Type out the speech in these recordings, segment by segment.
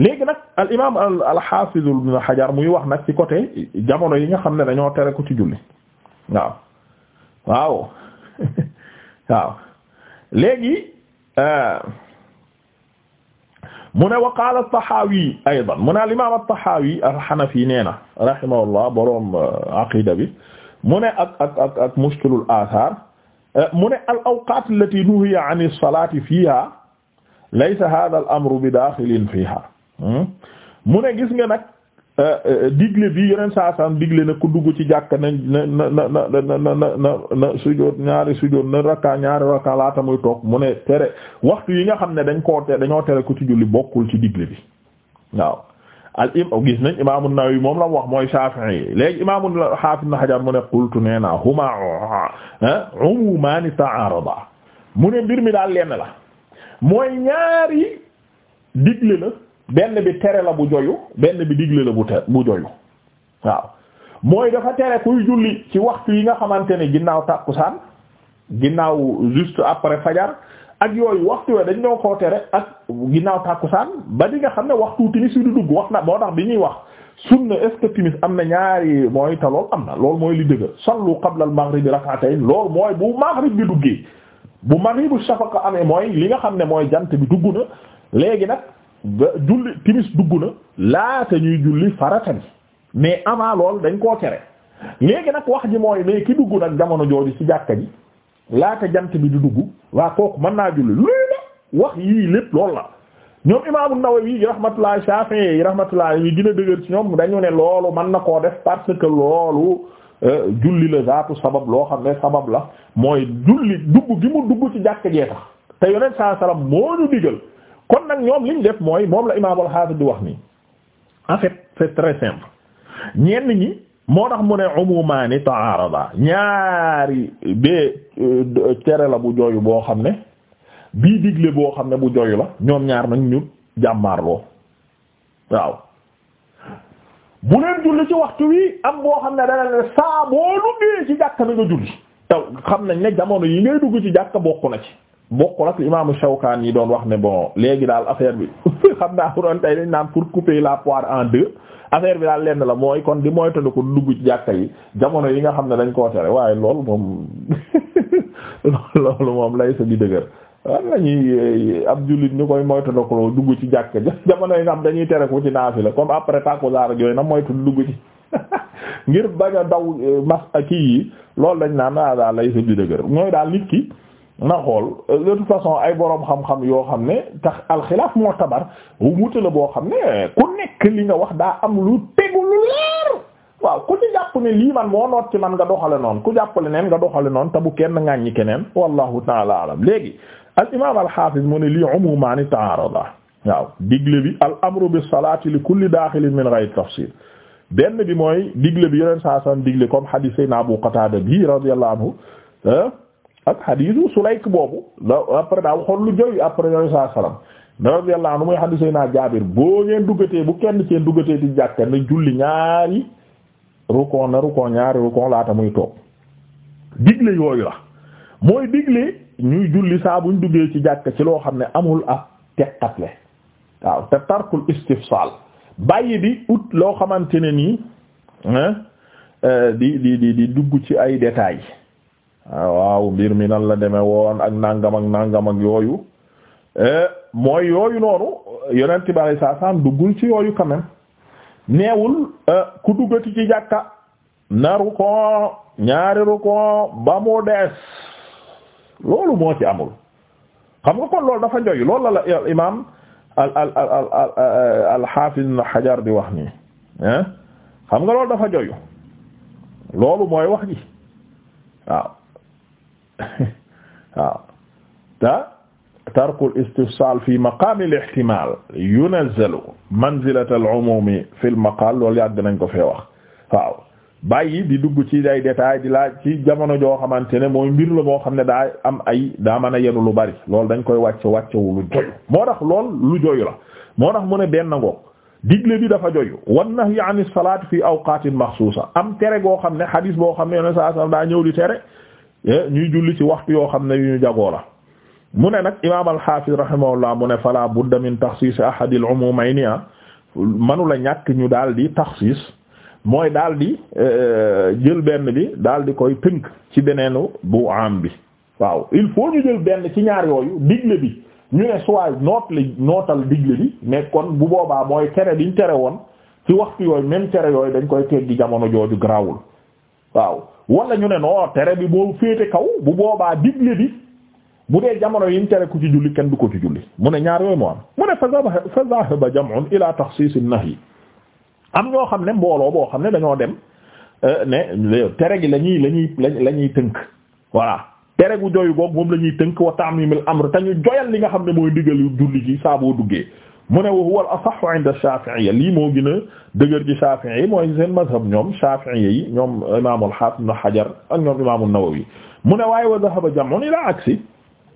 léegi nag al imaam al al xaafiz ibn Hajar muy wax nag ci côté jamono yi nga xam ne dañoo tere ko ci julli waaw waaw waaw léegi euh, mu ne wa qaala at-Tahawi aydan mu ne al imaam at-Tahawi al-Hanafi nee na rahimahullah boroom euh, aqida bi mu ne ak ak ak ak mushkilul athar euh, mu ne al awqaat allati nuhiya an as-salaati fiiha laysa haadha al amru bi daaxilin fiiha Hmm? mu ne gis nga nag euh, euh, digle bi yeneen saa saam digle na ku dugg ci jàkka na na na na na na na sujóot ñaari sujóot na rakka ñaari rakka laata muy toog mu ne tere waxtu yi nga xam ne dañ koo te dañoo tere ku ci julli bokkul ci digle bi waaw al im gis nañ imaamu Nawawi moom la mu wax mooy Shafi'i yi léegi imaamu Hafiz Ibn Hajar mu ne qultu nee naa huma umumaani ta'arada mu ne mbir mi daal lenn la mooy ñaari digle la benn bi tere la bu joyu benn bi digle la bu te bu joyu waaw mooy dafa tere kuy julli ci waxtu yi nga xamante ne ginnaaw tàkkusaan ginnaaw juste après fajar ak yooyu waxtu we dañ doon koo tere ak ginnaaw tàkkusaan ba di nga xam ne waxtu timis yi du dugg wax na moo tax bi ñuy wax sunna est timis am na ñaari mooy te am na loolu mooy li dëgg sallu qabla al maghrib rak'atayn loolu mooy bu maghrib bi duggee bu maghribu shafaqa amee mooy li nga xam ne mooy jant bi dugg léegi nag ba julli timis dugg na laata ñuy julli farata bi mais avant lool dañ koo tere léegi nag wax ji mooy mais ki dugg nag jamono jooju ci jàkka ji laata jant bi di dugg waa kooku mën naa julli luy la wax yii lépp loolu na ñoom imaamu Nawawi yi rahmatullah Shafi'i yi rahmatullah yi gën a dëgër ci ñoom dañu ne loolu mën na koo def parce que loolu euh, julli la zaatu sabab loo xam ne sabab la mooy julli dugg gi mu dugg ci jàkka jee tax te yonent saa salaam moo ñu digal kon nag ñoom liñ def mooy moom la imaam al-Hafiz di wax nii en fait c'est très ñenn ñi moo tax mu ne ni taarada ñaari bee euh, tere la bu jooyu boo xam ne bii digle boo xam ne bu jooyu la ñoom ñaar nag ñu jàmmaarloo waaw bu leen julli ci waxtu wi am boo xam ne dana ne saa boo duggee ci jàkka na nga julli taw xam nañ ne jamono yi ngay dugg ci jàkka bokk na ci bokkul ak imaamu Shawkaan yi doon wax ne bon léegi daal affaire bi xam naa bu doon tey dañ naan pour couper la poire en deux affaire bi daal lenn la mooy kon di moytandi ko dugg ci jàkka yi jamono yi nga xam ne dañ koo tere waaye loolu moom loolu moom lay di dëgër war lañuy ab jullit ñu koy moytandi ko dugg ci jàkka jamono yi nga xam dañuy tere ko ci naafila comme après takusaan yooyu na moytu dugg ci ngir bañ a daw eh, mas kii yi loolu dañ naan ah daal lay sa di dëgër mooy daal nit ki. na xool de toute façon ay boroom xam-xam yoo xam ne tax alxilaaf moo tabar wute la boo xam ne ku nekk li nga wax daa am lu tegu lu leer waaw ku ci jàpp ne lii man moo noot ci man nga doxale noonu ku jàppale neen nga doxale noonu te bu kenn ŋàññi keneen wallahu taala alam léegi al imaam al xaafiz mu ne lii umumaani taarada waaw digle bi al amru bi salaati li kulli daaxilin min ghayri tafsiil benn bi mooy digle bi yeneen saa san digle comme hadith sayna Abu Qataada ak su lekk boobu la après daa waxoon lu jëriñ après yooyu saa salaam radiyallahu anhu muy xadiisu naa Jaabir boo ngeen duggatee bu kenn seen duggatee di jàkka na julli ñaari rukkoon na rukkoon ñaari rukkoon laata muy toog digle yooyu la mooy digle ñuy julli saa buñ duggee ci jàkka ci loo xam ne amul ak teqatle waaw te tarkul istifsaal bàyyi di ut loo xamante ne nii euh, di di di di dugg ci ay détails. Ah, waaw mbir mi nan la demee woon ak nangam ak yooyu eh, mooy yooyu noonu yonent bi saa duggul ci yooyu quand même neewul eh, ku duggati ci jàkka na rukon ñaari rukon ba mu des loolu moo ci amul xam nga kon loolu dafa njoy loolu la la imaam eh, di wax nii xam nga loolu dafa njoy loolu mooy wax ji waaw. waaw te tarkul istifsal fi maqaami al ihtimal yunazzalu manzilata al umumi fi al maqal loolu yàgg nañ ko fee wax waaw bàyyi di dugg ci day détails di laaj ci jamono joo xamante ne mooy mbir la boo xam ne daa am ay daa mën yenu lu bari lool dañ koy wàcce wàccewu lu joyu moo tax lool lu joyu la moo tax mu ne benn ngoog digle bi dafa joyu wan nahyi anis salaat fi awqatin maxsuusa am tere goo xam ne xadiis boo xam ne yoneen saa sallam daa ñëw di tere Eh, ñuy julli ci waxtu yoo xam ne yu ñu jagoo la mu ne nag imaam al-Hafiz rahimahullah mu ne fala budda min taxsiis ahad al may ah. manu la ñàkk ñu daal di taxsiis mooy daal di eh, jël benn bi daal di koy tënk ci beneenu bu am bi waaw il faut ñu jël benn ci ñaar yooyu digle bi ñu ne soit noot li nootal digle bi mais kon bu boobaa mooy tere biñ tere woon ci waxtu yooyu même tere yooyu dañ koy teggi jamono jooju garaawul waaw wala ñu ne non tere bi boo féete kaw bu boobaa digle bi bu dee jamono yi ñu tere ku ci julli kenn du ko ci julli mu ne ñaar yooyu moo am mu ne fa zahaba jam'un ila takhsis an-nahy am ñoo xam ne mbooloo boo xam ne dañoo dem euh, ne tere gi la ñuy la ñuy la ñuy tënk voilà tere gu joyu goog moom la ñuy tënk wa am amr te ñu joyal li nga xam ne mooy ndigalu julli gi saa boo duggee mu ne wa huwa al-asahhu 'inda ash-Shafi'iyya lii moo gën a dëgër ci Shafi'i mooy seen mazhab ñoom Shafi'i yi ñoom imaam al-Hafiz Ibn Hajar ak ñoom imaam an-Nawawi mu ne waaye wa dhahaba jam'un ila aksi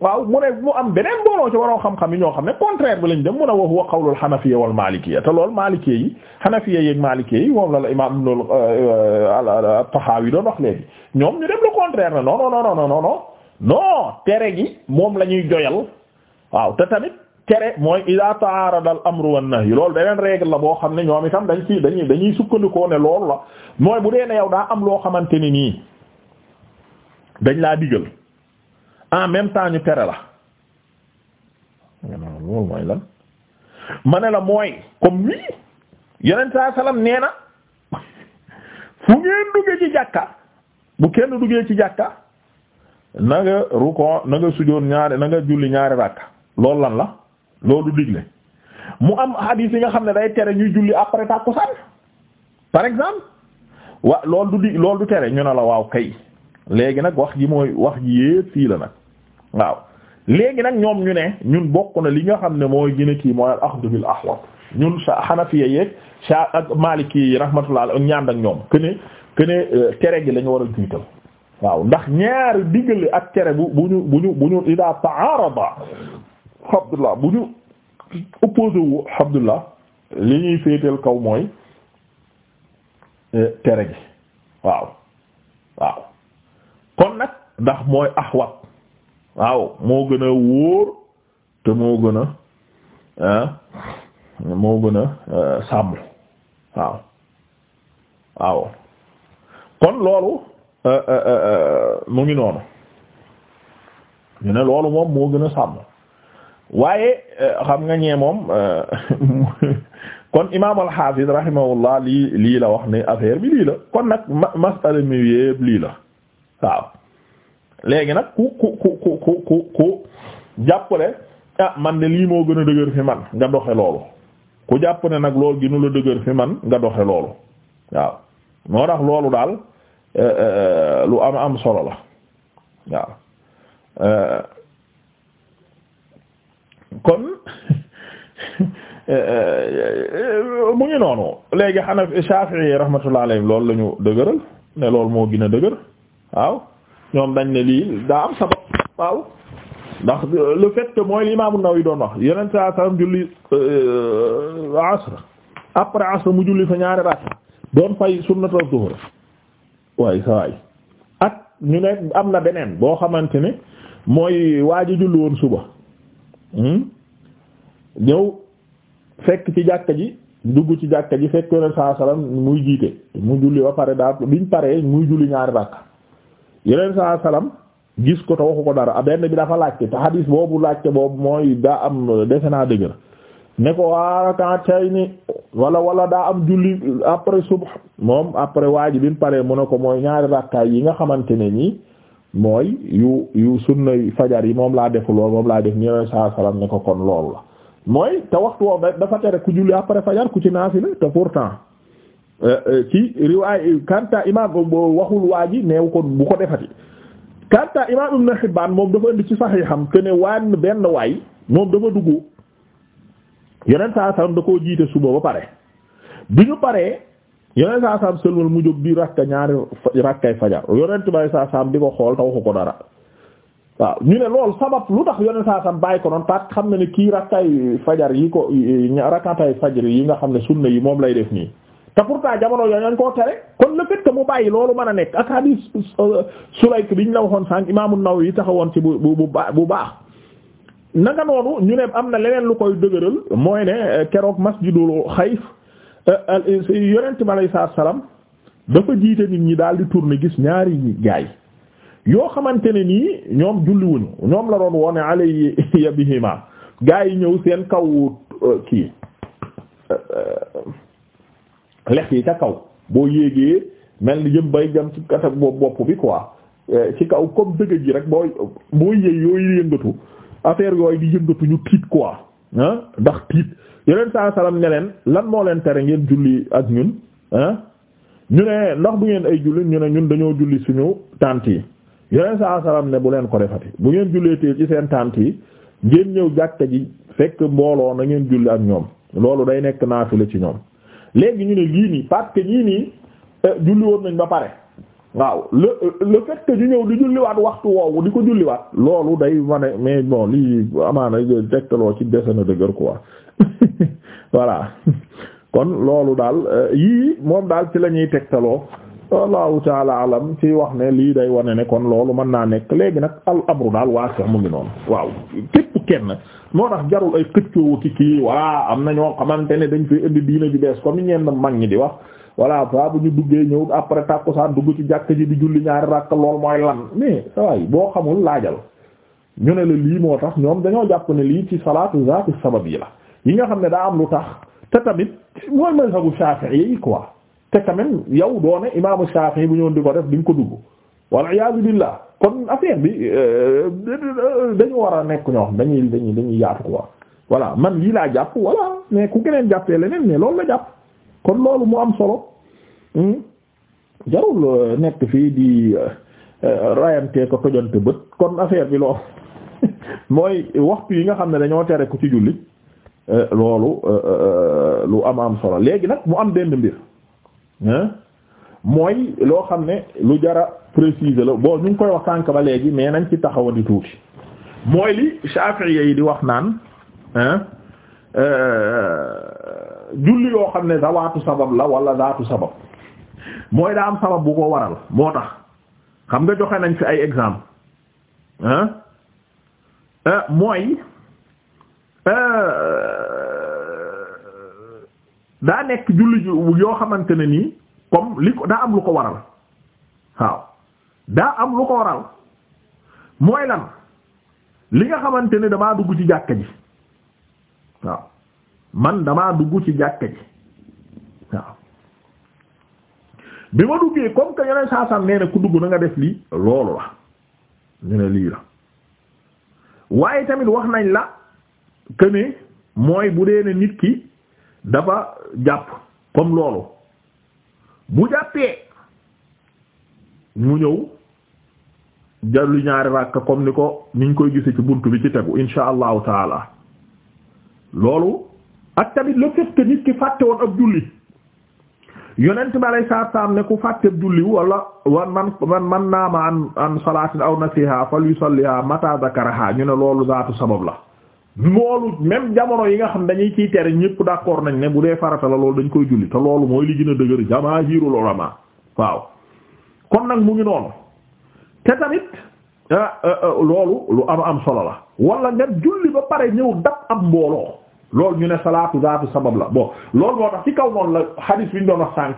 waaw mu ne mu am beneen booloo ci waroo xam-xam yi ñoo xam ne contraire bi lañ dem mu ne wa huwa qawlu al-Hanafiyya wal Malikiyya te loolu Malikiyya yi Hanafiyya yeeg Malikiyya yi moom la la imaam euh, at-Tahawi doon wax léegi ñoom ñu dem le contraire ne non non non non non non tere gi moom la ñuy joyal waaw te tamit tere mooy ida taarada al amru wan nahy loolu beneen règle la boo xam ne ñoom itam dañ ci dañuy dañuy sukkandikoo ne loolu la mooy bu dee ne yow daa am loo xamante ni nii dañ laa digal en même temps ñu tere la loolu mooy lan ma ne la mooy comme lii yeneen saa salaam nee na fu ngeen duggee ci jàkka bu kenn duggee ci jàkka na nga ruko na nga sujoon ñaari na nga julli ñaari rakka lool lan la loolu digle mu am hadith yi nga xam ne day tere ñuy julli après tàkkusaan par exemple wa loolu du di loolu du tere ñu ne la waaw kay léegi nag wax gi mooy wax gi yépp fii la nag waaw léegi nag ñoom ñu ne ñun bokk na li nga xam ne mooy gën a kii mooy al-axdu bil ahwat ñun sa xanafiya yeeg sa ak maliki yi rahmatullah ak ñaan ak ñoom que ne euh, tere gi lañu war a jiital waaw ndax ñaari diggale ak tere bu bu ñu bu ñu bu ñu Abdullah bu ñu opposé wu li ñuy féetal kaw mooy eh, tere gi waaw waaw kon nag ndax mooy axwat waaw moo gën a wóor te moo gën a ah moo gën a eh, sàmm waaw waaw kon loolu eh, mu ngi noonu ñu ne loolu moom moo gën a sàmm waaye euh, xam nga ñee moom euh, kon imaam al-Hafiz lii lii la wax ni affaire bi lii la kon nag masala mi yépp lii la waaw léegi nag ku ku ku ku ku ku ku jàppale ah man de lii moo gën a dëgër fi man nga doxe loolu ku jàpp ne nag loolu ginu la dëgër fi man nga doxe loolu waaw moo tax loolu daal euh, lu am am solo la waaw kon euh, euh, mu ngi noonu léegi xanaf Shafi'i yi rahmatullah alayhi loolu dëgëral ne loolu moo gën a dëgër waaw ñoom dañ ne lii daa am sabab waaw ndax euh, le fait que mooy li Imam an doon wax yeneen saa sallam julli asr après asr mu julli fa ñaari rakk doon fay sunnatu zuhr waaye sa waay ak ñu ne am na beneen boo xamante ni mooy waaji julli woon suba Hmm? ñëw fekk ci jàkka ji dugg ci jàkka ji fekk yonent saa salaam muy jiite mu julli ba pare daa biñ paree muy julli ñaari rakk yonent saa salaam gis ko te waxu ko dara benn bi dafa laajte te hadis boobu laajte boobu mooy daa am defe naa dëgër ne ko waa tay ni wala wala daa am julli après suba moom après waa ji biñ paree mu ne ko mooy ñaari rakkaay yi nga xamante ne nii mooy yu yu sunna fajar yi moom laa defu lool moom laa def ni yooyu saa salaam ne ko kon loolu la mooy te waxtu woowu dafa tere ku julli après fajar ku ci naafila te pourtant euh, euh, ci riwaay kanta imam waxul waa ji neew ko bu ko defati kanta imam Ibn Hibbaan moom dafa indi ci xam que ne waan benn waay moom dafa dugg yeneen saa salaam da koo jiite suba ba pare bi ñu paree yeneen saa saam sëlmal mu jóg di rakka ñaari rakkay fajar yonent bay saa di ko xool taw ko dara waaw ñu ne lool sabab lu tax yoneen saa bàyyi ko noonu parce xam na ne kii rakkay fajar yi ko rakkatay fajar yi nga xam ne sunna yi moom lay def nii te pourtant jamono yooyu dañ koo tere kon le bàyyi loolu mën a nekk ak hadith euh, Sulayk bi ñu la waxoon sànq imaamu Nawawi taxawoon ci bu bu bu baax. nanga noonu ñu ne am na leneen lu koy dëgëral mooy ne euh, keroog masjidul xayf Euh, euh, yonent bi alayhi salaam dafa jiite nit ñi daal di tourner gis ñaari gaay yoo xamante ne nii ñoom julliwuñu ñoom la doon wone alay ya bihima gaay yi ñëw seen kaw euh, kii lex yi ca kaw boo yéegee mel ni jëm bay jëm ci kata bopp bi quoi ci kaw comme dëgg ji rek boo boo yéeg yooyu yëngatu affaire yooyu di yëngatu tiit quoi ah ndax tiit yeneen saa salaam ne leen lan moo leen tere ngeen julli ak ñun ah ñu ne ndax bu ngeen ay julli ñu ne ñun dañoo julli suñu tànt yi yeneen saa salaam ne bu leen ko defati bu ngeen julleetee ci seen tànt yi ngeen ñëw jàkka ji fekk mbooloo na ngeen julli ak ñoom loolu day nekk naafila ci ñoom léegi ñu ne lii nii parce ñii nii eh, julli woon nañ ba pare. waaw le le fait que ñu ñëw di julliwaat waxtu woowu di ko julliwaat loolu day wane mais bon lii amaana tegtaloo ci dese na dëgër quoi voilà kon loolu daal euh, yii moom daal ci la ñuy tegtaloo wallahu taala alam ci wax ne lii day wane ne kon loolu mën naa nekk léegi nag al amru daal waa sax mu ngi noonu waaw képp kenn moo tax jarul ay xëccoo ki kii voilà am na ñoo xamante ne dañ fay indi diina ju bees comme ñenn mag ñi di wax voilà fa bu ñu duggee ñëw après tàkkusaan dugg ci jàkk ji di julli ñaari rakk lool mooy lan mais saway boo xamul laajal ñu ne la lii moo tax ñoom dañoo jàpp ne lii ci salaatu zaatu sabab yi la yi nga xam ne daa am lu tax te tamit mooy sagu Shafi'i yi quoi te tamit même yow doo ne imaamu Shafi'i bu ñëw di ko def di nga ko dugg wal iyaazu billah kon affaire bi euh, dañu war a nekk ñoo xam dañuy dañuy dañuy yaatu quoi voilà man yii laa jàpp voilà mais ku keneen jàppee leneen loolu la jàpp. kon loolu mu am solo hmm? jarul euh, nekk fii di euh, euh, rayante ko tojante bët kon affaire bi loo mooy waxtu yi nga xam ne dañoo tere ku ci julli loolu lu am am solo léegi nag mu am benn mbir mooy loo xam ne lu jara préciser la bon ñu ngi koy wax sànk ba léegi mais nañ ci taxawa di tuuti mooy li Shafi'i yi di wax naan julli yoo xam ne zawaatu sabab la wala zaatu sabab mooy daa am bu ko waral moo xam nga joxe nañ fi ay exemple euh, mooy euh, daa nekk yoo xamante ne nii comme li ko daa am lu ko waral waaw daa am lu ko waral mooy lan li nga xamante ne damaa dugg ci jàkka ji waaw man damaa dugg ci jàkka ji waaw bi ma duggee comme que yeneen saa saa nee ku dugg na nga def lii loolu la ñu ne lii la waaye tamit wax nañ la que mooy bu dee ne nit ki dafa jàpp comme loolu bu jàppee mu ñëw jallu ñaari ràkka comme ni ko niñ koy gisee ci bunt bi ci tegu insha allahu taala loolu ak tamit le fait que nit ki fàtte woon ab julli yonent bi alay saa saam ne ku fàtte ab julli wala wa man man man naama an an salaatin aw nasiha fal yusalliha mata zakaraha ñu ne loolu zaatu sabab la loolu même jamono yi nga xam dañuy ciy tere ñépp d'accord nañ ne bu dee farata la loolu dañ koy julli te loolu mooy li gën a dëgër jamaahirul ulama waaw kon nag mu ngi noonu te tamit ah, ah, ah, loolu lu am am solo la wala nga julli ba pare ñëw dab am mbooloo lool ñu ne salaatu zaatu sabab la bon lool moo tax ci kaw noonu la xadiis bi ñu doon wax sànq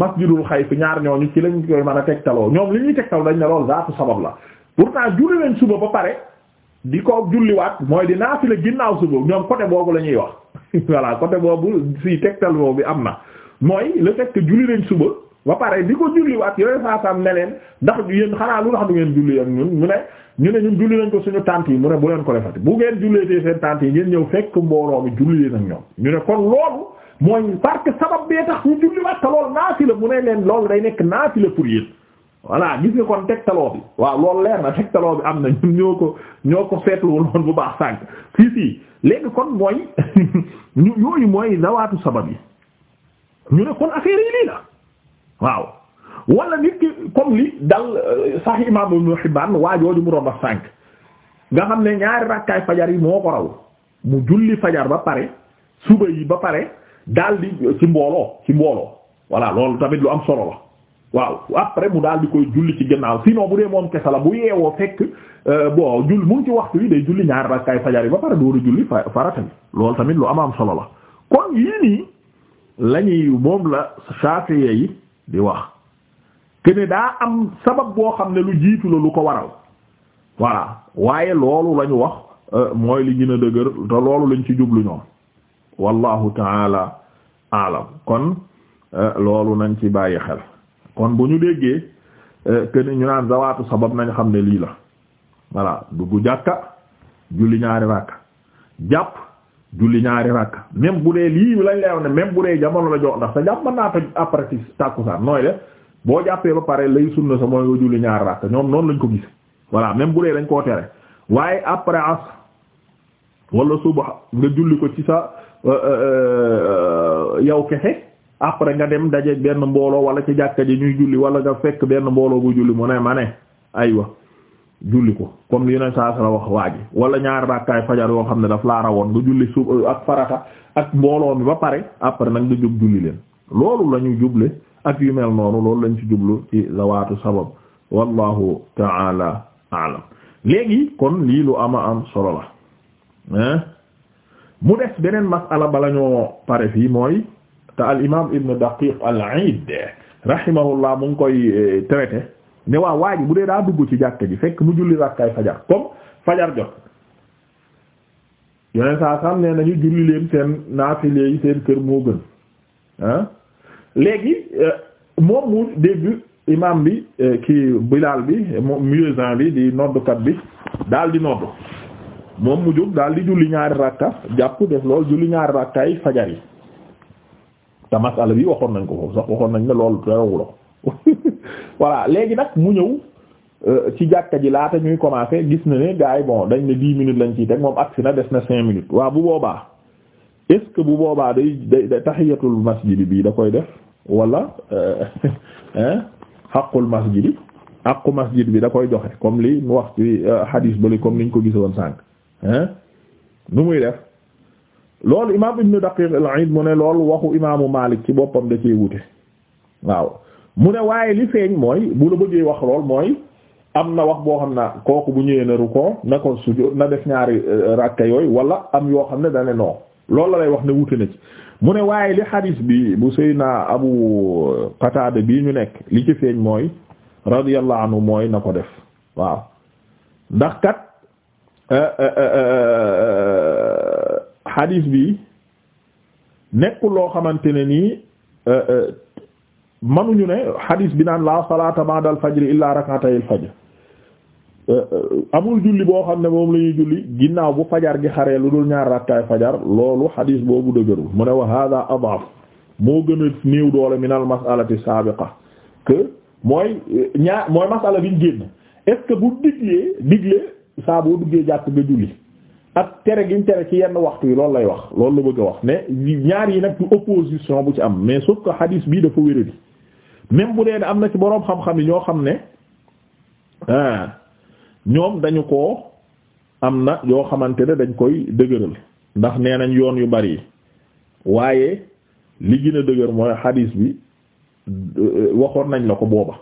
masjidul xayf ñaar ñooñu ci lañ koy mën a tegtaloo ñoom li ñuy tegtal dañ ne loolu zaatu sabab la pourtant julli leen suba ba pare di ko julliwaat mooy di naafila ginnaaw suba ñoom côté boobu la ñuy wax voilà côté boobu si tegtal bi am na mooy la fait que julli leen suba. ba pare bi ko julliwaat yooyu saa saam ne leen ndax yéen xanaa lu tax du ngeen julli ak ñun ñu ne ñu ne ñun julli nañ ko suñu tànt yi mu ne bu leen ko defati bu ngeen julleetee seen tànt yi ngeen ñëw fekk mbooloo mi julli leen ak ñoom ñu ne kon loolu mooy parce que sabab bee tax ñu julliwaat te loolu naafila mu ne leen loolu day nekk naafila pour yéen voilà gis nga kon tegtaloo bi waaw loolu leer na tegtaloo bi am na ñun ñoo ko ñoo ko seetluwul woon bu baax sànq fii fii léegi kon mooy ñu yooyu mooy dawaatu sabab waaw wala nit ki comme li dal euh, sax imam Ibn Hibban waajooju mu doon wax sànq nga xam ne ñaari rakkaay fajar yi moo ko raw mu julli fajar ba pare suba yi ba pare daal di euh, ci mbooloo ci mbooloo voilà loolu tamit lu am solo la waaw après mu daal di koy julli ci gannaaw sinon bu dee moom kese la bu yeewoo fekk euh, bon jull mu ngi ci waxtu wi day ñaari rakkaay fajar yi ba pare dooru julli tamit lu am am solo la kon yii nii lañuy moom la Shafi'i yi di wax kene daa am sabab boo xam ne lu jiitu la lu ko waral voilà waaye loolu lañu wax euh, mooy li gën a dëgër te loolu lañ ci jublu ñoom wallahu taala alam kon euh, loolu nañ ci bàyyi xel kon bu ñu déggee euh, kene ñu naan zawaatu sabab nañ xam ne lii la voilà duggu jàkka julli ñaari ràkk jàpp julli ñaari rakk même bu dee lii lañ la wax ne même bu dee jamono la jox ndax sa jàpp mën naa toj après ci tàkkusaan nooy def boo jàppee ba pare lay sunna sa mooy nga julli ñaari rakk ñoom noonu lañ ko gis voilà même bu dee dañ koo tere waaye après asr wala suba nga julli ko ci sa euh, euh, euh, yow kese après nga dem daje benn mbooloo wala ci jàkka ji ñuy julli wala nga fekk benn mbooloo bu julli mu ne ma ne aywa julli ko comme li yeneen saa sala wax waaji wala ñaari rakkaay fajar yoo xam ne daf laa rawoon nga julli su euh, ak farata ak mbooloo mi ba pare après nag nga jóg julli leen loolu la ñu juble ak yu mel noonu loolu lañ ci jublu ci zawaatu sabab wallahu taala alam léegi kon lii lu ama am solo la mu des beneen masala bala ñoo pare fii mooy te al imam ibnu daqiq al aid rahimahullah mu koy euh, traité ne waaw waa ji bu dee daa dugg ci jàkka ji fekk mu julli rakkaay fajar comme fajar jot yeneen saa sam nee nañu julli leen seen naafile yi seen kër moo gën ah léegi euh, moom mu dégg imam bi euh, ki bilaal bi muezzin bi di noddukat bi daal di noddu moom mu jóg daal di julli ñaari rakka jàpp def lool julli ñaari rakkaay fajar yi te masala bi waxoon nañ ko foofu sax waxoon nañ ne loolu teewuloo voilà léegi nag mu ñëw euh, ci jàkka ji laata ñuy commencer gis na ni gars yi bon dañ ne dix minutes lañ ci teg moom agsi na des na cinq minutes waaw bu boobaa est bu boobaa day day tahiyatul masjid bi da koy def wala xaqul euh, masjid aqu masjid bi da koy joxe comme li mu wax ci euh, hadis bali comme niñ ko gisoon sànq nu muy def loolu imam ibnu daqiq al-Iid mu ne loolu waxu imaamu Maalik ci boppam da cee wute waaw mu ne waaye li feeñ mooy bu la bëggee wax lool mooy am na wax boo xam ne kooku bu ñëwee na rukkoo na ko sujjóot na def ñaari euh, rakka yooyu wala am yoo xam ne dane noo loolu la lay wax ne wute na ci mu ne waaye li xadiis bi bu Seydina Abu Qatada bii ñu nekk li ci feeñ mooy radiyallahu anhu mooy na ko def waaw ndax kat euh, euh, xadiis bi nekkul loo xamante ne nii manuñu ne hadis bi naan la salata ba'dal fajri illa rak'atayil fajr euh, euh, amul julli boo xam ne moom la julli ginnaaw bu fajar gi xare lu dul ñaar rakkaay fajar loolu hadis boobu dëgërul mu ne wa hada adaf moo gën a néew doole min al mas'alati sabiqa que euh, ñaar mooy masala biñ génn bu diglee diglee saa boo duggee jàpp nga julli ak tere giñ tere ci yenn waxtu yi loolu lay wax loolu la bëgg a wax ne ñaar yi nag du opposition bu ci am mais sauf que hadis bii dafa wéradi même bu dee ne am na ci boroom xam-xam yi ñoo xam ne ah, ñoom dañu ko am na yoo xamante ne dañ koy dëgëral ndax nee nañ yoon yu bari waaye li gën a dëgër mooy xadiis bi waxoon nañ la ko booba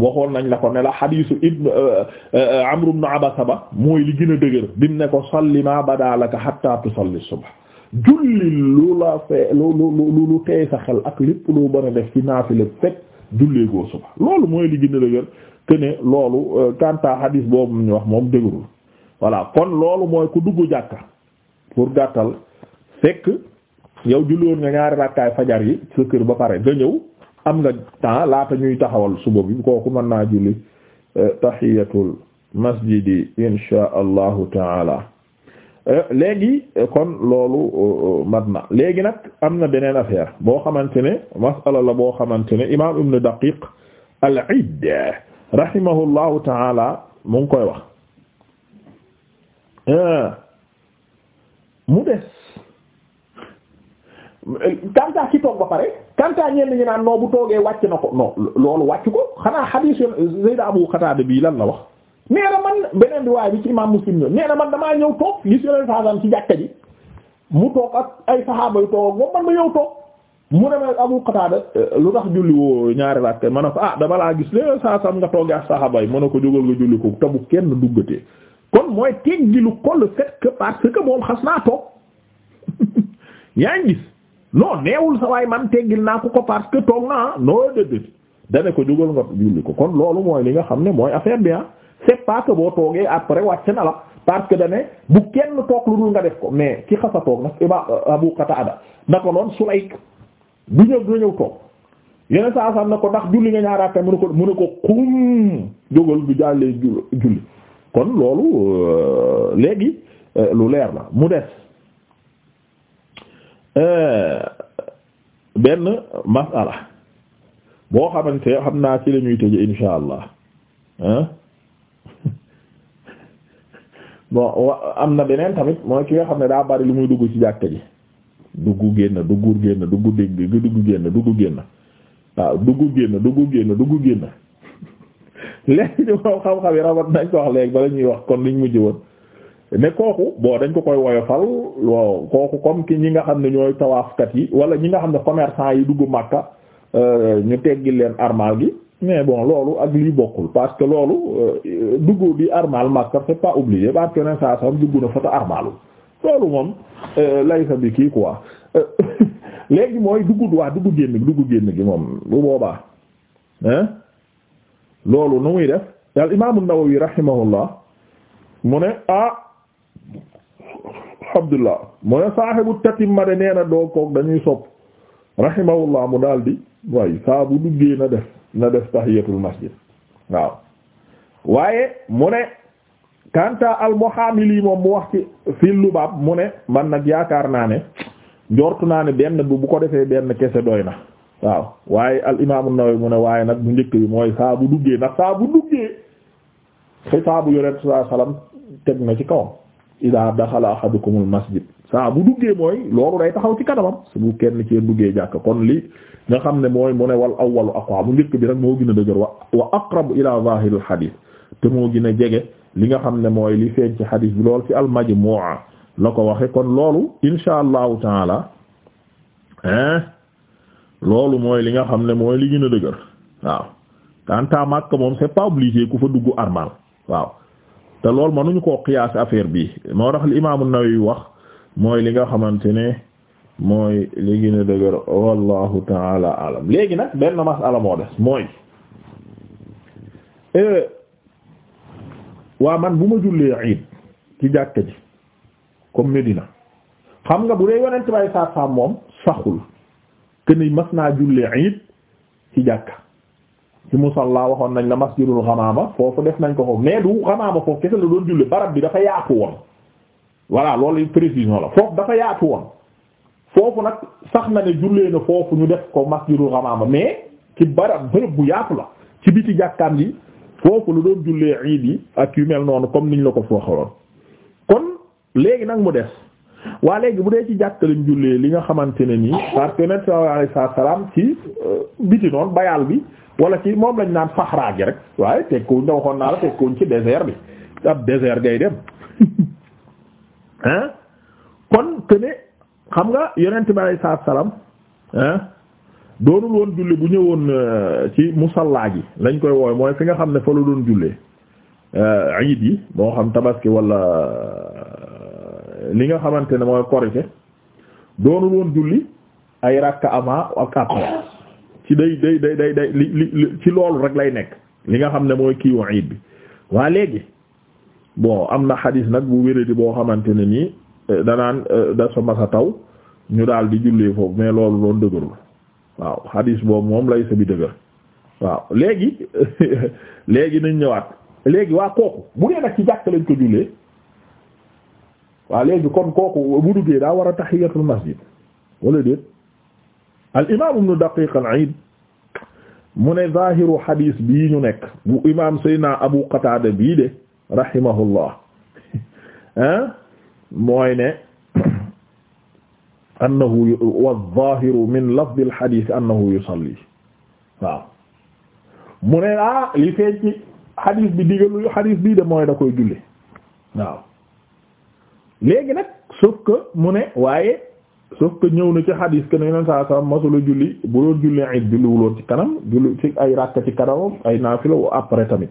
waxoon nañ la ko ne la xadiisu ibn euh, euh, Amr ibn Abasa ba mooy li gën a dëgër bi mu ne ko salli ma xataatu hatta tusalli subh julli lu la fee lu lu lu teey sa xel ak lépp loo mën a def ci naafile fekk jullee suba loolu mooy li gën dëgër te ne loolu euh, kanta hadis boobu ñu wax moom dëgërul voilà kon loolu mooy ku dugg jàkka pour gàttal fekk yow julliwoon nga ñaari rakkaay fajar yi sa kër ba pare nga ñëw am nga temps laata ñuy taxawal suba bi kooku mën naa julli euh, tahiyatul masjidi insha allahu taala Euh, léegi euh, kon loolu euh, mat na léegi nag am na beneen affaire boo xamante ne masala la boo xamante ne imaam ibn daqiq al-iid rahimahullahu taala mu ngi koy wax mu des kantaa ci toog ba pare kantaa ñeen ñi naan noo bu toogee wàcc na ko non loolu wàcc ko xanaa xadiis Zayd Abu Qataada bii lan la wax nee man beneen riwaay bi ci imam muslim ñoom man damaa ñëw toog gis yeneen saasam ci jàkka ji mu toog ak ay saxaaba yu toog ak moom man ma ñëw toog mu ne ma Abu Qatada euh, lu tax julli woo ñaari rakka ma ne ko ah dama laa gis léegi saasam nga toogee ak saxaaba yi ma ne ko jógal nga julli ko te kenn duggatee kon mooy teggi lu ko le fait que parce que moom xas naa toog yaa ngi gis non neewul sa waay man teggil naa ko ko parce que toog naa noo déedéet ko jógal nga ko kon mooy li nga xam ne mooy affaire bi ah. c'est pas boo toogee après wàcc na la parce da dane bu kenn toog lu dul nga def ko mais ki xasa toog nag ima euh, Abu Qatada na ko noon Sulayk du ñëw du ñëw toog yeneen saa sax na ko ndax julli nga ñaaraaka mu ko mu ne ko xum jógal bu jàllee julli kon loolu euh, léegi euh, lu leer la mu des benn masala boo xamante xam naa ci la ñuy tëje insha bon am na beneen tamit mooy ki nga xam ne daa bari lu muy dugg ci jàkka ji dugg génn dugg génn dugg dégg dugg génn dugg génn waaw dugg génn dugg génn dugg génn léegi ñu moom yi rabat nañ ko wax léegi bala ñuy wax kon liñ mujj woon ne kooku boo dañ ko koy woyofal wow kooku comme ki ñi nga xam ne ñooy tawaafkat yi wala ñi nga xam ne commerçant yi dugg Makka euh, ñu teggil leen armal gi mais bon loolu ak lii bokkul parce que loolu euh, dugg di armal Makka c'est pas obligé parce que ne saa sam dugg na fa te loolu moom euh, laysa bi kii quoi euh, léegi mooy dugg waa dugg génn gi moom bu boobaa hein loolu nu muy def al imaamu Nawawi rahimahullah mu ne ah Abdullah mu ne saaxibu tatimma de nee na dañuy sopp rahimahullah mu daal waaye saa bu duggee na def na def tahiyatul masjid waaw waaye mu ne kanta al muhamili moom mu wax ci fi lubaab mu ne man nag yaakaar naa ne njortu naa ne benn bu bu ko defee benn kese doy na waaw waaye al imaamu Nawawi mu ne waaye nag bu njëkk bi mooy saabu bu duggee nag saa bu duggee xitaabu yonent sallallahu alayhi wasallam teg na ci kawam idaa daxala ahadukumul masjid waaw bu duggee mooy loolu day taxaw ci kanamam su bu kenn ci duggee jàkk kon li nga xam ne mooy mu ne wal awwalu aqwa bu njëkk bi nag moo gën a dëgër wa wa aqrabu ila zahiril hadith te moo gën a jege li nga xam ne mooy li feeñ ci hadith lool ci al majmu'a la ko waxe kon loolu insha allahu taala hein loolu mooy li nga xam ne mooy li gën a dëgër waaw kanta Makk moom c'est pas obligé ku fa dugg armal waaw te loolu mënuñu koo qiyaas affaire bi moo tax li imaamu Nawawi wax mooy li nga xamante ne mooy li gën a dëgër wallahu taala alam léegi nag benn masala moo des mooy euh, waa man bu ma jullee iid ci jàkka ji comme Medina xam nga bu dee yonent bay saat moom saxul keni mas naa jullee iid ci jàkka ci musalla waxoon nañ la masjidul xamaama foofu def nañ ko foofu mais du xamaama foofu kese la doon julli barab bi dafa yaatu woon voilà loolu précision la foofu dafa yaatu woon foofu nag sax na ne jullee na foofu ñu def ko masjidul xamaama mais ci barab bërëb bu yaatu la ci biti jàkkaan yi foofu lu doon jullee iid yi ak yu mel noonu comme niñ la ko fooxaloon kon léegi nag mu des waa léegi bu dee ci jàkkalim jullee li nga xamante ne nii parce que Yonent sallallahu ci euh, biti noonu bayaal bi wala ci moom lañ naan saxraa gi rek waaye teg ko ndaw waxoon naa la teg ko ci bi ab désert gay dem ah kon que xam nga yonent bi alayhi salaatu salaam ah doonul woon julli bu ñëwoon euh, ci musalla gi lañ koy wooy mooy fi nga xam ne fa la doon jullee euh, iid yi moo xam tabaski wala euh, li nga xamante ne mooy korite doonul woon julli ay rakka avant ak après ci day day day day day li li ci loolu rek lay nekk li nga xam ne mooy kiiwu iid bi waa léegi bon am na xadis nag bu wéradi boo xamante ne nii eh, danaan eh, dafa masa taw ñu daal di jullee foofu mais loolu doon dëgërul waaw xadis boobu moom lay sa dëgër waaw léegi léegi nañ ñëwaat léegi waa kooku bu dee nag ci jàkk lañ ko jullee waaw léegi kon kooku bu duggee daa war a tahiyatul masjid wala déet al imam ibn daqiq al aid mu ne zahiru xadis bi ñu nekk bu imam sayna abu qatada bii de rahimahullah ah? mooy ne annahu wadh-dhahiru min lafdhi al-hadith annahu yusalli waaw mu ne ah li feeñ bi digalu hadith bii de mooy da koy julli waaw léegi nag sauf que mu ne waaye sauf que ñëw na ci hadith que ne leen saa saa masula julli bu doon julli ay julliwuloon ci kanam julli ci ay ràkk ci kanamam ay naafila après tamit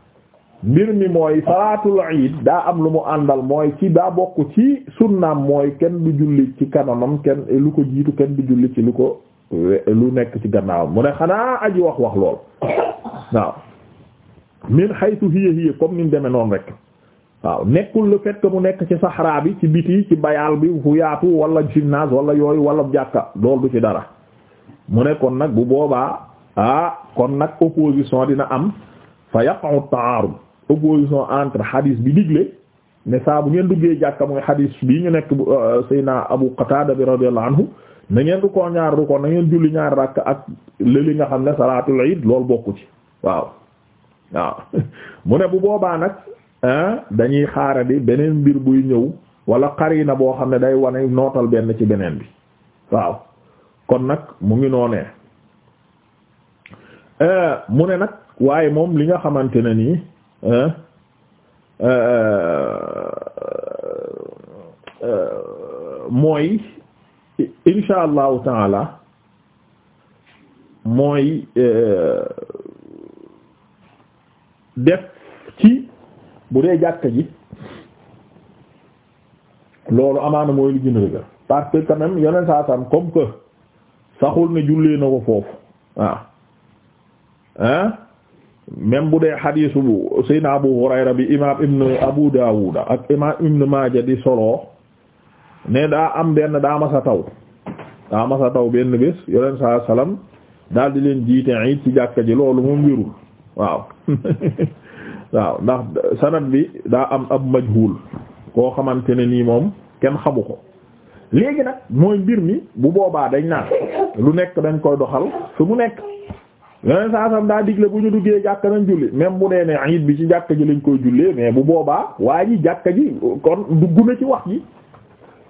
mbir mi mooy salaatul iid daa am lu mu àndal mooy ci daa bokk ci sunnaam mooy kenn du julli ci kanamam kenn lu ko jiitu kenn du julli ci lu ko lu nekk ci gannaawam mu ne xanaa aji wax wax lool waaw min haythu hiya hiya comme ni mu demee rek waaw nekkul le fait que mu nekk ci saxaraa bi ci biti ci bayaal bi fu yaatu wala gymnase wala yooyu wala jàkka loolu du ci dara mu ne kon nag bu boobaa ah kon nag opposition dina am fa yaqa'u ta'arud opposition entre hadis bi digle ne saa bu ngeen duggee jàkka mooy hadis bii ñu nekk euh, Seyna Abu Qatada bi radiyallahu anhu na ngeen rukkoo ñaar rukkoo na ngeen julli ñaar rakk ak lëli nga xam ne salaatul iid loolu bokku ci waaw waaw mu ne bu boobaa nag dañuy xaara bi beneen mbir buy ñëw wala na boo xam ne day wane nootal benn ci beneen bi waaw kon nag mu ngi noonee euh, mu ne nag waaye moom li nga xamante ne nii Euh, euh, euh, mooy insha allahu taala mooy def ci bu dee jàkka ji loolu amaana mooy lu gën a dëgër parce que quand même yeneen saa comme que saxul ne jullee na ko foofu waaw ah même bu dee xadiis bu Seydina Abu Hurayra bi imaam ibn Abu Dawud ak imaam ibn Maaja di solo ne daa am benn daa masa taw daa masa taw benn bés yoleen saa salaam daal di leen jiite it ci jàkka ji loolu mu wérul waaw waaw ndax sanad bi daa am ab majhul koo xamante ne nii moom kenn xamu ko léegi nag mooy mbir mi bu boobaa dañ naan lu nekk dañ koy doxal su mu nekk yeneen saa sam daa digle bu ñu duggee jàkka nañ julli même bu nee ne ayit bi ci jàkk ji lañ koo jullee mais bu boobaa waa ji jàkka ji kon dugg na ci wax ji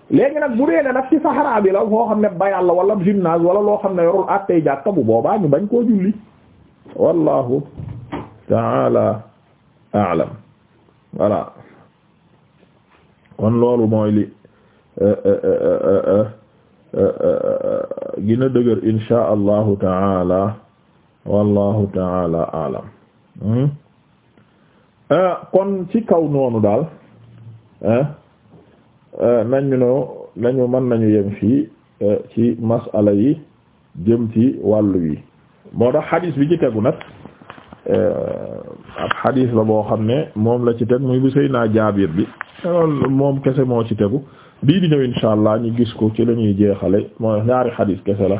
léegi nag bu dee ne nag ci saxaraa bi la foo xam ne bayal la wala gymnase wala loo xam ne yorul attey jàkka bu boobaa ñu bañ koo julli wallahu taala alam voilà kon loolu mooy li eh, eh, eh, gën a dëgër insha allahu taala wallahu taala alam hmm? ah, kon ci kaw noonu daal ah, ah, nañu no lañu mën nañu yem fii ci masala yi jëm ci wàll yi moo tax xadiis bi ci tegu nag ab xadiis la boo xam ne moom la ci teg muy bu naa Jaabir bi loolu moom kese moo ci tegu bii di ñëw insha allah ñu gis ko ci lañuy jeexale moo ñaari xadiis kese la